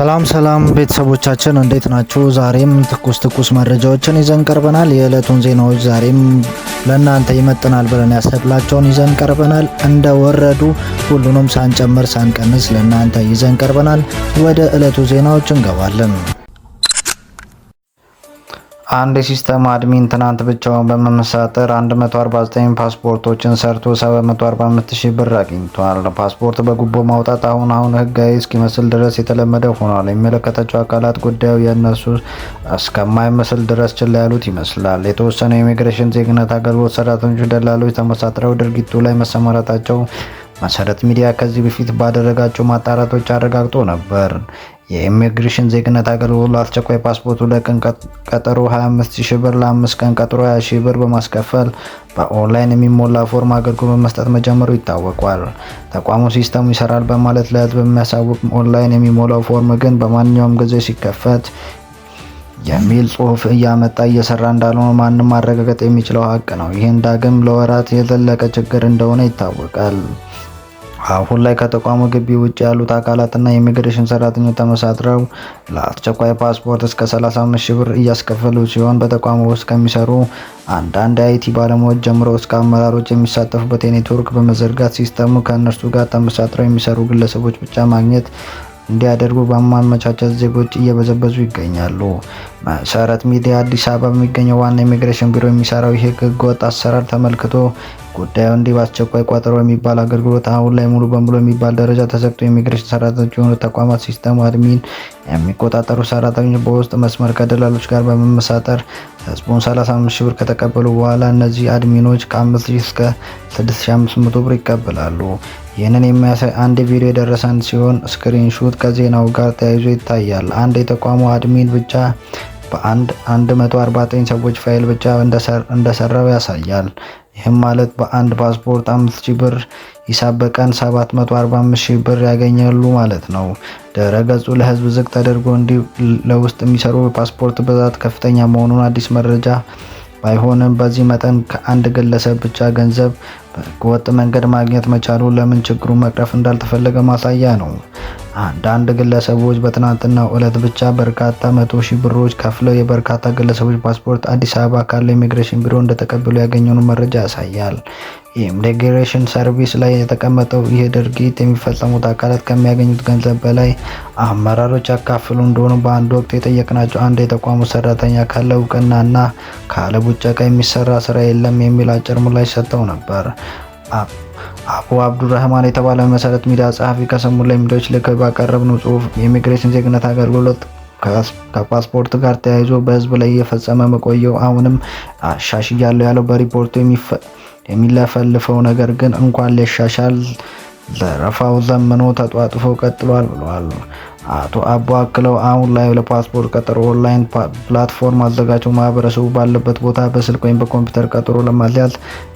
ሰላም ሰላም ቤተሰቦቻችን እንዴት ናችሁ? ዛሬም ትኩስ ትኩስ መረጃዎችን ይዘን ቀርበናል። የዕለቱን ዜናዎች ዛሬም ለእናንተ ይመጥናል ብለን ያሰብላቸውን ይዘን ቀርበናል። እንደ ወረዱ ሁሉንም ሳንጨምር ሳንቀንስ ለእናንተ ይዘን ቀርበናል። ወደ ዕለቱ ዜናዎች እንገባለን። አንድ የሲስተም አድሚን ትናንት ብቻውን በመመሳጠር 149 ፓስፖርቶችን ሰርቶ 745000 ብር አግኝቷል። ፓስፖርት በጉቦ ማውጣት አሁን አሁን ህጋዊ እስኪመስል ድረስ የተለመደ ሆኗል። የሚመለከታቸው አካላት ጉዳዩ የእነሱ እስከማይመስል ድረስ ችላ ያሉት ይመስላል። የተወሰነ የኢሚግሬሽን ዜግነት አገልግሎት ሰራተኞች ደላሎች ተመሳጥረው ድርጊቱ ላይ መሰማራታቸው መሰረት ሚዲያ ከዚህ በፊት ባደረጋቸው ማጣራቶች አረጋግጦ ነበር። የኢሚግሬሽን ዜግነት አገልግሎት ለአስቸኳይ ፓስፖርቱ ለቀን ቀጠሮ 25 ሺህ ብር ለአምስት ቀን ቀጠሮ 20 ሺህ ብር በማስከፈል በኦንላይን የሚሞላ ፎርም አገልግሎት መስጠት መጀመሩ ይታወቋል። ተቋሙ ሲስተሙ ይሰራል በማለት ለህዝብ የሚያሳውቅ ኦንላይን የሚሞላው ፎርም ግን በማንኛውም ጊዜ ሲከፈት የሚል ጽሁፍ እያመጣ እየሰራ እንዳልሆነ ማንም ማረጋገጥ የሚችለው ሀቅ ነው። ይህን ዳግም ለወራት የዘለቀ ችግር እንደሆነ ይታወቃል። አሁን ላይ ከተቋሙ ግቢ ውጭ ያሉት አካላትና የኢሚግሬሽን ሰራተኞች ተመሳጥረው ለአስቸኳይ ፓስፖርት እስከ 35 ሺህ ብር እያስከፈሉ ሲሆን በተቋሙ ውስጥ ከሚሰሩ አንዳንድ የአይቲ ባለሙያዎች ጀምሮ እስከ አመራሮች የሚሳተፉበት የኔትወርክ በመዘርጋት ሲስተሙ ከእነርሱ ጋር ተመሳጥረው የሚሰሩ ግለሰቦች ብቻ ማግኘት እንዲያደርጉ በማመቻቸት ዜጎች እየበዘበዙ ይገኛሉ። መሰረት ሚዲያ አዲስ አበባ በሚገኘው ዋና ኢሚግሬሽን ቢሮ የሚሰራው ይህ ህገወጥ አሰራር ተመልክቶ ጉዳዩ እንዲህ በአስቸኳይ ቋጠሮ የሚባል አገልግሎት አሁን ላይ ሙሉ በሙሉ የሚባል ደረጃ ተዘግቶ የኢሚግሬሽን ሰራተኞች የሆኑ ተቋማት ሲስተሙ አድሚን የሚቆጣጠሩ ሰራተኞች በውስጥ መስመር ከደላሎች ጋር በመመሳጠር ህዝቡን 35 ሺህ ብር ከተቀበሉ በኋላ እነዚህ አድሚኖች ከ5000 እስከ 6500 ብር ይቀበላሉ። ይህንን የሚያሳይ አንድ ቪዲዮ የደረሰን ሲሆን ስክሪንሹት ከዜናው ጋር ተያይዞ ይታያል። አንድ የተቋሙ አድሚን ብቻ በአንድ 149 ሰዎች ፋይል ብቻ እንደሰራው ያሳያል። ይህም ማለት በአንድ ፓስፖርት 5000 ብር ሂሳብ በቀን 745 ብር ያገኛሉ ማለት ነው። ድረ ገጹ ለህዝብ ዝግ ተደርጎ እንዲ ለውስጥ የሚሰሩ ፓስፖርት ብዛት ከፍተኛ መሆኑን አዲስ መረጃ ባይሆንም በዚህ መጠን ከአንድ ግለሰብ ብቻ ገንዘብ በህገወጥ መንገድ ማግኘት መቻሉ ለምን ችግሩ መቅረፍ እንዳልተፈለገ ማሳያ ነው። አንዳንድ ግለሰቦች በትናንትናው ዕለት ብቻ በርካታ መቶ ሺህ ብሮች ከፍለው የበርካታ ግለሰቦች ፓስፖርት አዲስ አበባ ካለ ኢሚግሬሽን ቢሮ እንደተቀበሉ ያገኘውን መረጃ ያሳያል። የኢሚግሬሽን ሰርቪስ ላይ የተቀመጠው ይህ ድርጊት የሚፈጸሙት አካላት ከሚያገኙት ገንዘብ በላይ አመራሮች ያካፍሉ እንደሆኑ በአንድ ወቅት የጠየቅናቸው አንድ የተቋሙ ሰራተኛ ካለ እውቅናና ካለ ቡጨቃ የሚሰራ ስራ የለም የሚል አጭር ምላሽ ሰጥተው ነበር። አቡ አብዱራህማን የተባለ መሰረት ሚዲያ ጸሐፊ ከሰሞኑ ለሚዲያዎች ልከው ባቀረብነው ጽሁፍ የኢሚግሬሽን ዜግነት አገልግሎት ከፓስፖርት ጋር ተያይዞ በህዝብ ላይ እየፈጸመ መቆየው አሁንም አሻሽያለሁ ያለው በሪፖርቱ የሚለፈልፈው ነገር ግን እንኳን ሊሻሻል ዘረፋው ዘምኖ ተጧጥፎ ቀጥሏል ብለዋል። አቶ አቦ አክለው አሁን ላይ ለፓስፖርት ቀጠሮ ኦንላይን ፕላትፎርም አዘጋጅቶ ማህበረሰቡ ባለበት ቦታ በስልክ ወይም በኮምፒውተር ቀጠሮ ለማስያዝ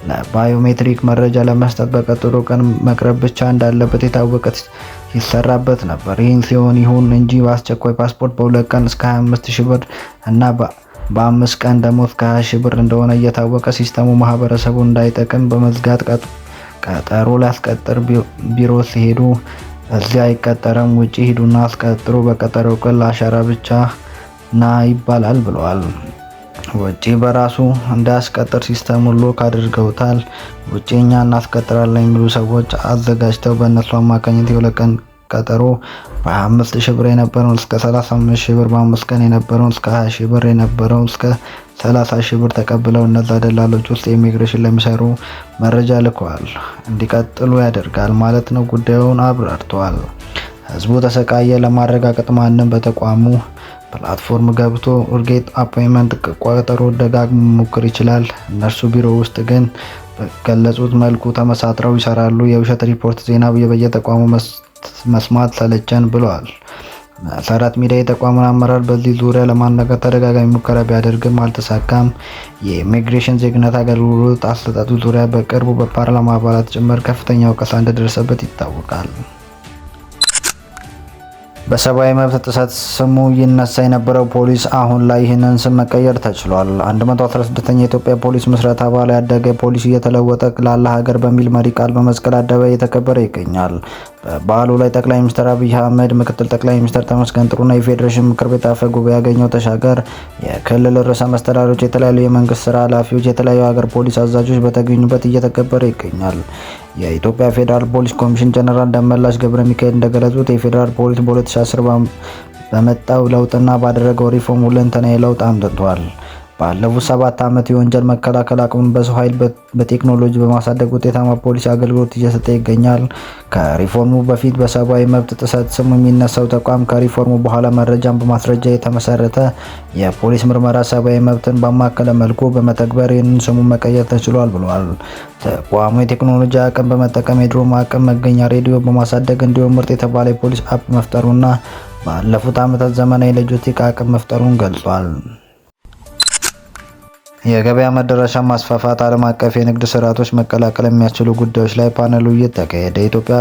ለባዮሜትሪክ መረጃ ለመስጠት በቀጠሮ ቀን መቅረብ ብቻ እንዳለበት የታወቀ ሲሰራበት ነበር። ይህን ሲሆን ይሁን እንጂ በአስቸኳይ ፓስፖርት በሁለት ቀን እስከ 25 ሺህ ብር እና በአምስት ቀን ደሞዝ ከ20 ሺህ ብር እንደሆነ እየታወቀ ሲስተሙ ማህበረሰቡ እንዳይጠቅም በመዝጋት ቀጠሮ ላስቀጥር ቢሮ ሲሄዱ እዚያ አይቀጠረም፣ ውጪ ሂዱና አስቀጥሩ፣ በቀጠሮው ቀን ለአሻራ ብቻ ና ይባላል ብለዋል። ውጪ በራሱ እንዳያስቀጥር ሲስተሙ ሎክ አድርገውታል። ውጪ እኛ እናስቀጥራለን የሚሉ ሰዎች አዘጋጅተው በእነሱ አማካኝነት የሁለት ቀን ቀጠሮ በአምስት ሺህ ብር የነበረውን እስከ 35 ሺህ ብር፣ በአምስት ቀን የነበረውን እስከ 20 ሺህ ብር የነበረውን እስከ 30 ሺህ ብር ተቀብለው እነዛ ደላሎች ውስጥ የኢሚግሬሽን ለሚሰሩ መረጃ ልከዋል። እንዲቀጥሉ ያደርጋል ማለት ነው። ጉዳዩን አብራርተዋል። ህዝቡ ተሰቃየ ለማረጋገጥ ማንም በተቋሙ ፕላትፎርም ገብቶ እርጌጥ አፖይንትመንት ቀጠሮ ደጋግሞ መሞክር ይችላል። እነርሱ ቢሮ ውስጥ ግን በገለጹት መልኩ ተመሳጥረው ይሰራሉ። የውሸት ሪፖርት ዜና በየተቋሙ መስማት ሰለቸን ብለዋል። ሰራት ሚዲያ የተቋሙን አመራር በዚህ ዙሪያ ለማነጋገር ተደጋጋሚ ሙከራ ቢያደርግም አልተሳካም። የኢሚግሬሽን ዜግነት አገልግሎት አሰጣጡ ዙሪያ በቅርቡ በፓርላማ አባላት ጭምር ከፍተኛ ወቀሳ እንደደረሰበት ይታወቃል። በሰብአዊ መብት ጥሰት ስሙ ይነሳ የነበረው ፖሊስ አሁን ላይ ይህንን ስም መቀየር ተችሏል። 116ኛ የኢትዮጵያ ፖሊስ ምስረታ በዓል ያደገ ፖሊስ እየተለወጠ ላለ ሀገር በሚል መሪ ቃል በመስቀል አደባባይ እየተከበረ ይገኛል። በዓሉ ላይ ጠቅላይ ሚኒስትር አብይ አህመድ፣ ምክትል ጠቅላይ ሚኒስትር ተመስገን ጥሩና የፌዴሬሽን ምክር ቤት አፈ ጉባኤ ተሻገር፣ የክልል ርዕሰ መስተዳድሮች፣ የተለያዩ የመንግስት ስራ ኃላፊዎች፣ የተለያዩ ሀገር ፖሊስ አዛዦች በተገኙበት እየተከበረ ይገኛል። የኢትዮጵያ ፌዴራል ፖሊስ ኮሚሽን ጀነራል ደመላሽ ገብረ ሚካኤል እንደገለጹት የፌዴራል ፖሊስ በ2010 በመጣው ለውጥና ባደረገው ሪፎርም ሁለንተናዊ ለውጥ አምጥቷል። ባለፉት ሰባት ዓመት የወንጀል መከላከል አቅምን በሰው ኃይል በቴክኖሎጂ በማሳደግ ውጤታማ ፖሊስ አገልግሎት እየሰጠ ይገኛል። ከሪፎርሙ በፊት በሰብአዊ መብት ጥሰት ስሙ የሚነሳው ተቋም ከሪፎርሙ በኋላ መረጃን በማስረጃ የተመሰረተ የፖሊስ ምርመራ ሰብአዊ መብትን ባማከለ መልኩ በመተግበር ይህንን ስሙ መቀየር ተችሏል ብሏል። ተቋሙ የቴክኖሎጂ አቅም በመጠቀም የድሮ አቅም መገኛ ሬዲዮ በማሳደግ እንዲሁም ምርጥ የተባለ የፖሊስ አፕ መፍጠሩና ባለፉት ዓመታት ዘመናዊ ሎጂስቲክ አቅም መፍጠሩን ገልጿል። የገበያ መዳረሻ ማስፋፋት፣ ዓለም አቀፍ የንግድ ስርዓቶች መቀላቀል የሚያስችሉ ጉዳዮች ላይ ፓነል ውይይት ተካሄደ። የኢትዮጵያ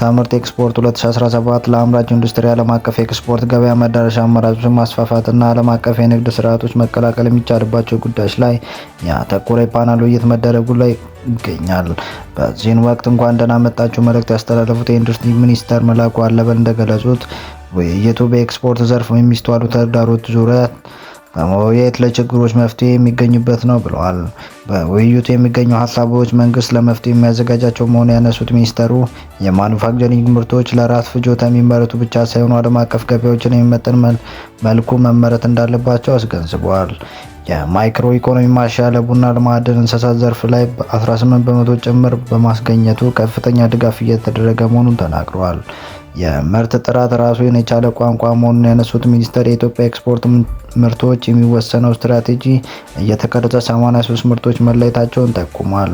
ታምርት ኤክስፖርት 2017 ለአምራች ኢንዱስትሪ ዓለም አቀፍ ኤክስፖርት ገበያ መዳረሻ አማራጮችን ማስፋፋትና ዓለም አቀፍ የንግድ ስርዓቶች መቀላቀል የሚቻልባቸው ጉዳዮች ላይ ያተኮረ የፓነል ውይይት መደረጉ ላይ ይገኛል። በዚህን ወቅት እንኳን ደህና መጣችሁ መልእክት ያስተላለፉት የኢንዱስትሪ ሚኒስተር መላኩ አለበል እንደገለጹት ውይይቱ በኤክስፖርት ዘርፍ የሚስተዋሉ ተግዳሮት ዙሪያ በመወያየት ለችግሮች መፍትሄ የሚገኝበት ነው ብለዋል። በውይይቱ የሚገኙ ሀሳቦች መንግስት ለመፍትሄ የሚያዘጋጃቸው መሆኑ ያነሱት ሚኒስተሩ የማኑፋክቸሪንግ ምርቶች ለራስ ፍጆታ የሚመረቱ ብቻ ሳይሆኑ ዓለም አቀፍ ገበያዎችን የሚመጥን መልኩ መመረት እንዳለባቸው አስገንዝበዋል። የማይክሮ ኢኮኖሚ ማሻሻያ ለቡና፣ ለማዕድን፣ እንስሳት ዘርፍ ላይ 18 በመቶ ጭምር በማስገኘቱ ከፍተኛ ድጋፍ እየተደረገ መሆኑን ተናግረዋል። የምርት ጥራት ራሱን የቻለ ቋንቋ መሆኑን ያነሱት ሚኒስተር የኢትዮጵያ ኤክስፖርት ምርቶች የሚወሰነው ስትራቴጂ እየተቀረጸ 83 ምርቶች መለየታቸውን ጠቁሟል።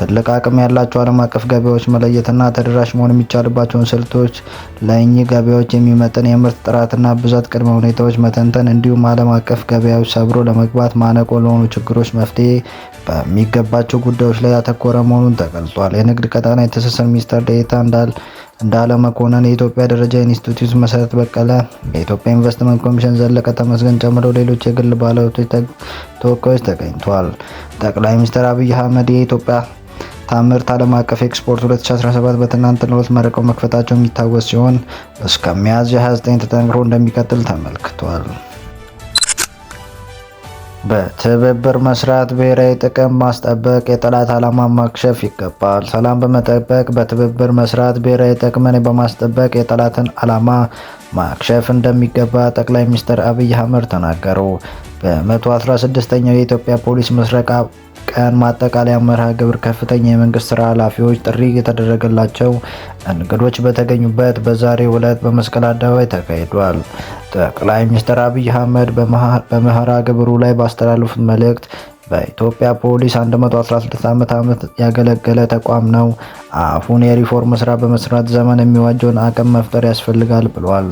ትልቅ አቅም ያላቸው ዓለም አቀፍ ገበያዎች መለየትና ተደራሽ መሆን የሚቻልባቸውን ስልቶች ለእኚህ ገበያዎች የሚመጥን የምርት ጥራትና ብዛት ቅድመ ሁኔታዎች መተንተን እንዲሁም ዓለም አቀፍ ገበያዎች ሰብሮ ለመግባት ማነቆ ለሆኑ ችግሮች መፍትሄ በሚገባቸው ጉዳዮች ላይ ያተኮረ መሆኑን ተገልጿል። የንግድ ቀጣና የትስስር ሚኒስትር ዴኤታ እንዳል እንዳለ መኮንን፣ የኢትዮጵያ ደረጃ ኢንስቲትዩት መሰረት በቀለ፣ የኢትዮጵያ ኢንቨስትመንት ኮሚሽን ዘለቀ ተመስገን ጨምሮ ሌሎች የግል ባለሀብቶች ተወካዮች ተገኝተዋል። ጠቅላይ ሚኒስትር አብይ አህመድ የኢትዮጵያ ታምርት ዓለም አቀፍ ኤክስፖርት 2017 በትናንትናው ዕለት መርቀው መክፈታቸው የሚታወስ ሲሆን እስከ ሚያዝያ 29 ተጠናክሮ እንደሚቀጥል ተመልክቷል። በትብብር መስራት፣ ብሔራዊ ጥቅም ማስጠበቅ፣ የጠላት ዓላማ ማክሸፍ ይገባል። ሰላም በመጠበቅ በትብብር መስራት፣ ብሔራዊ ጥቅምን በማስጠበቅ የጠላትን ዓላማ ማክሸፍ እንደሚገባ ጠቅላይ ሚኒስትር አብይ አህመድ ተናገሩ። በ116ኛው የኢትዮጵያ ፖሊስ ምስረቃ ቀን ማጠቃለያ መርሃ ግብር ከፍተኛ የመንግስት ስራ ኃላፊዎች ጥሪ የተደረገላቸው እንግዶች በተገኙበት በዛሬው ዕለት በመስቀል አደባባይ ተካሂዷል። ጠቅላይ ሚኒስትር አብይ አህመድ በመርሃ ግብሩ ላይ ባስተላለፉት መልእክት በኢትዮጵያ ፖሊስ 116 ዓመት ዓመት ያገለገለ ተቋም ነው። አሁን የሪፎርም ስራ በመስራት ዘመን የሚዋጀውን አቅም መፍጠር ያስፈልጋል ብሏል።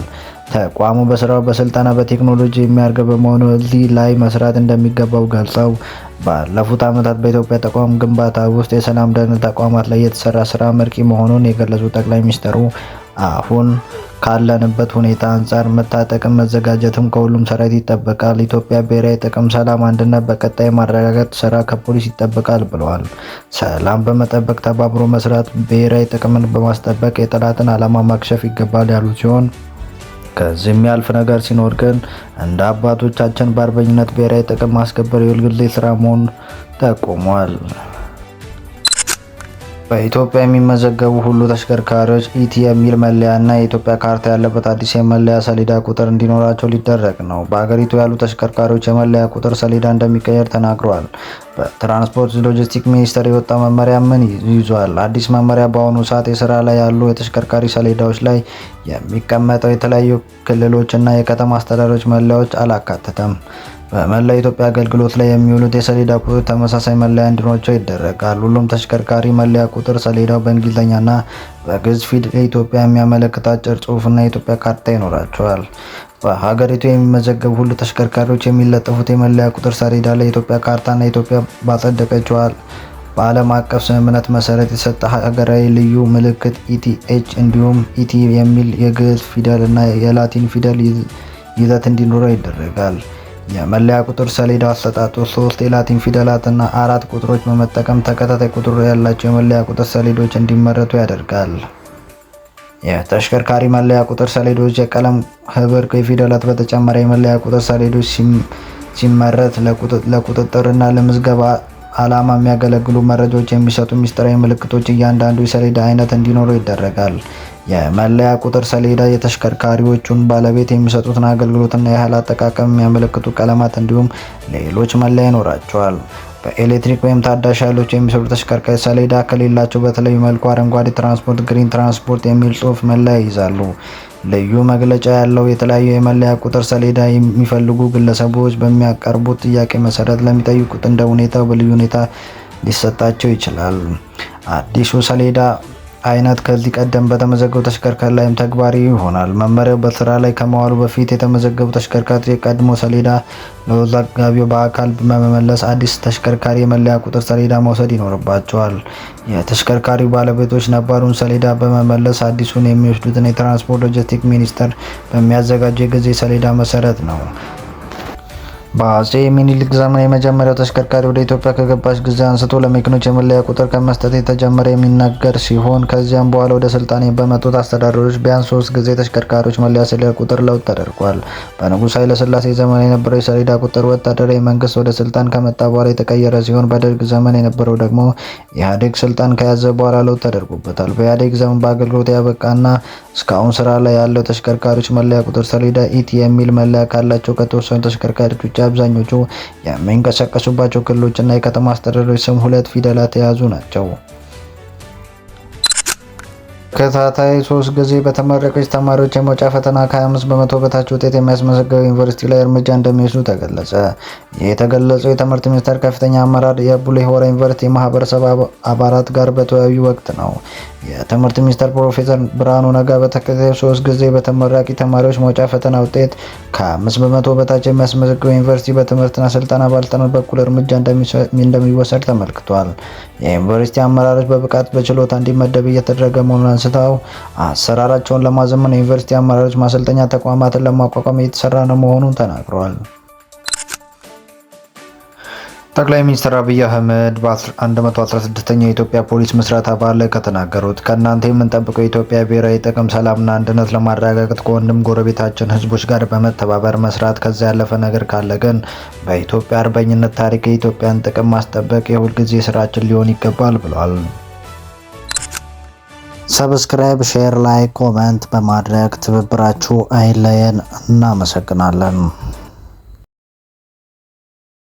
ተቋሙ በስራው በስልጠና በቴክኖሎጂ የሚያርገ በመሆኑ እዚህ ላይ መስራት እንደሚገባው ገልጸው ባለፉት ዓመታት በኢትዮጵያ ተቋም ግንባታ ውስጥ የሰላም ደህንነት ተቋማት ላይ የተሰራ ስራ መርቂ መሆኑን የገለጹ ጠቅላይ ሚኒስትሩ አሁን ካለንበት ሁኔታ አንጻር መታጠቅም መዘጋጀትም ከሁሉም ሰራዊት ይጠበቃል። ኢትዮጵያ ብሔራዊ ጥቅም፣ ሰላም፣ አንድነት በቀጣይ ማረጋገጥ ስራ ከፖሊስ ይጠበቃል ብለዋል። ሰላም በመጠበቅ ተባብሮ መስራት፣ ብሔራዊ ጥቅምን በማስጠበቅ የጠላትን ዓላማ ማክሸፍ ይገባል ያሉት ሲሆን ከዚህ የሚያልፍ ነገር ሲኖር ግን እንደ አባቶቻችን በአርበኝነት ብሔራዊ ጥቅም ማስከበር የሁልጊዜ ስራ መሆኑን ጠቁሟል። በኢትዮጵያ የሚመዘገቡ ሁሉ ተሽከርካሪዎች ኢቲ የሚል መለያ እና የኢትዮጵያ ካርታ ያለበት አዲስ የመለያ ሰሌዳ ቁጥር እንዲኖራቸው ሊደረግ ነው። በሀገሪቱ ያሉ ተሽከርካሪዎች የመለያ ቁጥር ሰሌዳ እንደሚቀየር ተናግረዋል። በትራንስፖርት ሎጂስቲክስ ሚኒስቴር የወጣ መመሪያ ምን ይዟል? አዲስ መመሪያ በአሁኑ ሰዓት የስራ ላይ ያሉ የተሽከርካሪ ሰሌዳዎች ላይ የሚቀመጠው የተለያዩ ክልሎች እና የከተማ አስተዳደሮች መለያዎች አላካተተም። በመላ ኢትዮጵያ አገልግሎት ላይ የሚውሉት የሰሌዳ ቁጥር ተመሳሳይ መለያ እንዲኖራቸው ይደረጋል። ሁሉም ተሽከርካሪ መለያ ቁጥር ሰሌዳው በእንግሊዝኛና በግዕዝ ፊደል የኢትዮጵያ የሚያመለክት አጭር ጽሑፍና የኢትዮጵያ ካርታ ይኖራቸዋል። በሀገሪቱ የሚመዘገቡ ሁሉ ተሽከርካሪዎች የሚለጠፉት የመለያ ቁጥር ሰሌዳ ላይ የኢትዮጵያ ካርታና ኢትዮጵያ ባጸደቀችዋል በዓለም አቀፍ ስምምነት መሰረት የተሰጠ ሀገራዊ ልዩ ምልክት ኢቲኤች እንዲሁም ኢቲ የሚል የግዕዝ ፊደል እና የላቲን ፊደል ይዘት እንዲኖረው ይደረጋል። የመለያ ቁጥር ሰሌዳ አሰጣጡ ሶስት የላቲን ፊደላትና አራት ቁጥሮች በመጠቀም ተከታታይ ቁጥር ያላቸው የመለያ ቁጥር ሰሌዶች እንዲመረቱ ያደርጋል። የተሽከርካሪ መለያ ቁጥር ሰሌዶች የቀለም ህብር ከፊደላት በተጨማሪ የመለያ ቁጥር ሰሌዶች ሲመረት ለቁጥጥርና ለምዝገባ ዓላማ የሚያገለግሉ መረጃዎች የሚሰጡ ሚስጥራዊ ምልክቶች እያንዳንዱ የሰሌዳ አይነት እንዲኖረው ይደረጋል። የመለያ ቁጥር ሰሌዳ የተሽከርካሪዎቹን ባለቤት የሚሰጡትን አገልግሎትና የኃይል አጠቃቀም የሚያመለክቱ ቀለማት እንዲሁም ሌሎች መለያ ይኖራቸዋል። በኤሌክትሪክ ወይም ታዳሽ ኃይሎች የሚሰሩ ተሽከርካሪ ሰሌዳ ከሌላቸው በተለዩ መልኩ አረንጓዴ ትራንስፖርት፣ ግሪን ትራንስፖርት የሚል ጽሁፍ መለያ ይይዛሉ። ልዩ መግለጫ ያለው የተለያዩ የመለያ ቁጥር ሰሌዳ የሚፈልጉ ግለሰቦች በሚያቀርቡት ጥያቄ መሰረት ለሚጠይቁት እንደ ሁኔታው በልዩ ሁኔታ ሊሰጣቸው ይችላል። አዲሱ ሰሌዳ አይነት ከዚህ ቀደም በተመዘገቡ ተሽከርካሪ ላይም ተግባራዊ ይሆናል። መመሪያው በስራ ላይ ከመዋሉ በፊት የተመዘገቡ ተሽከርካሪዎች የቀድሞ ሰሌዳ ለዘጋቢው በአካል በመመለስ አዲስ ተሽከርካሪ የመለያ ቁጥር ሰሌዳ መውሰድ ይኖርባቸዋል። የተሽከርካሪው ባለቤቶች ነባሩን ሰሌዳ በመመለስ አዲሱን የሚወስዱትን የትራንስፖርት ሎጂስቲክስ ሚኒስቴር በሚያዘጋጀው የጊዜ ሰሌዳ መሰረት ነው። በአጼ ሚኒሊክ ዘመን የመጀመሪያው ተሽከርካሪ ወደ ኢትዮጵያ ከገባች ጊዜ አንስቶ ለመኪኖች የመለያ ቁጥር ከመስጠት የተጀመረ የሚነገር ሲሆን ከዚያም በኋላ ወደ ስልጣኔ በመጡት አስተዳደሮች ቢያንስ ሶስት ጊዜ ተሽከርካሪዎች መለያ ሰሌዳ ቁጥር ለውጥ ተደርጓል። በንጉሥ ኃይለሥላሴ ዘመን የነበረው የሰሌዳ ቁጥር ወታደራዊ መንግስት ወደ ስልጣን ከመጣ በኋላ የተቀየረ ሲሆን በደርግ ዘመን የነበረው ደግሞ ኢህአዴግ ስልጣን ከያዘ በኋላ ለውጥ ተደርጎበታል። በኢህአዴግ ዘመን በአገልግሎት ያበቃና እስካሁን ስራ ላይ ያለው ተሽከርካሪዎች መለያ ቁጥር ሰሌዳ ኢቲ የሚል መለያ ካላቸው ከተወሰኑ ተሽከርካሪዎች አብዛኞቹ የሚንቀሳቀሱባቸው ክልሎችና የከተማ አስተዳደሮች ስም ሁለት ፊደላት የያዙ ናቸው። ተከታታይ ሶስት ጊዜ በተመረቀች ተማሪዎች የመውጫ ፈተና ከ25 በመቶ በታች ውጤት የሚያስመዘገበ ዩኒቨርሲቲ ላይ እርምጃ እንደሚወስዱ ተገለጸ። ይህ የተገለጸው የትምህርት ሚኒስቴር ከፍተኛ አመራር የቡሌ ሆራ ዩኒቨርሲቲ ማህበረሰብ አባላት ጋር በተወያዩ ወቅት ነው። የትምህርት ሚኒስቴር ፕሮፌሰር ብርሃኑ ነጋ በተከታታይ ሶስት ጊዜ በተመራቂ ተማሪዎች መውጫ ፈተና ውጤት ከ5 በመቶ በታች የሚያስመዘግበው ዩኒቨርሲቲ በትምህርትና ስልጠና ባለስልጣናት በኩል እርምጃ እንደሚወሰድ ተመልክቷል። የዩኒቨርሲቲ አመራሮች በብቃት በችሎታ እንዲመደብ እየተደረገ መሆኑን አንስተው አሰራራቸውን ለማዘመን የዩኒቨርሲቲ አመራሮች ማሰልጠኛ ተቋማትን ለማቋቋም እየተሰራ ነው መሆኑን ተናግረዋል። ጠቅላይ ሚኒስትር አብይ አህመድ በ116ኛው የኢትዮጵያ ፖሊስ ምስረታ በዓል ላይ ከተናገሩት ከእናንተ የምንጠብቀው የኢትዮጵያ ብሔራዊ ጥቅም ሰላምና አንድነት ለማረጋገጥ ከወንድም ጎረቤታችን ህዝቦች ጋር በመተባበር መስራት፣ ከዚያ ያለፈ ነገር ካለ ግን በኢትዮጵያ አርበኝነት ታሪክ የኢትዮጵያን ጥቅም ማስጠበቅ የሁልጊዜ ስራችን ሊሆን ይገባል ብሏል። ሰብስክራይብ፣ ሼር ላይ ኮመንት በማድረግ ትብብራችሁ አይለየን። እናመሰግናለን።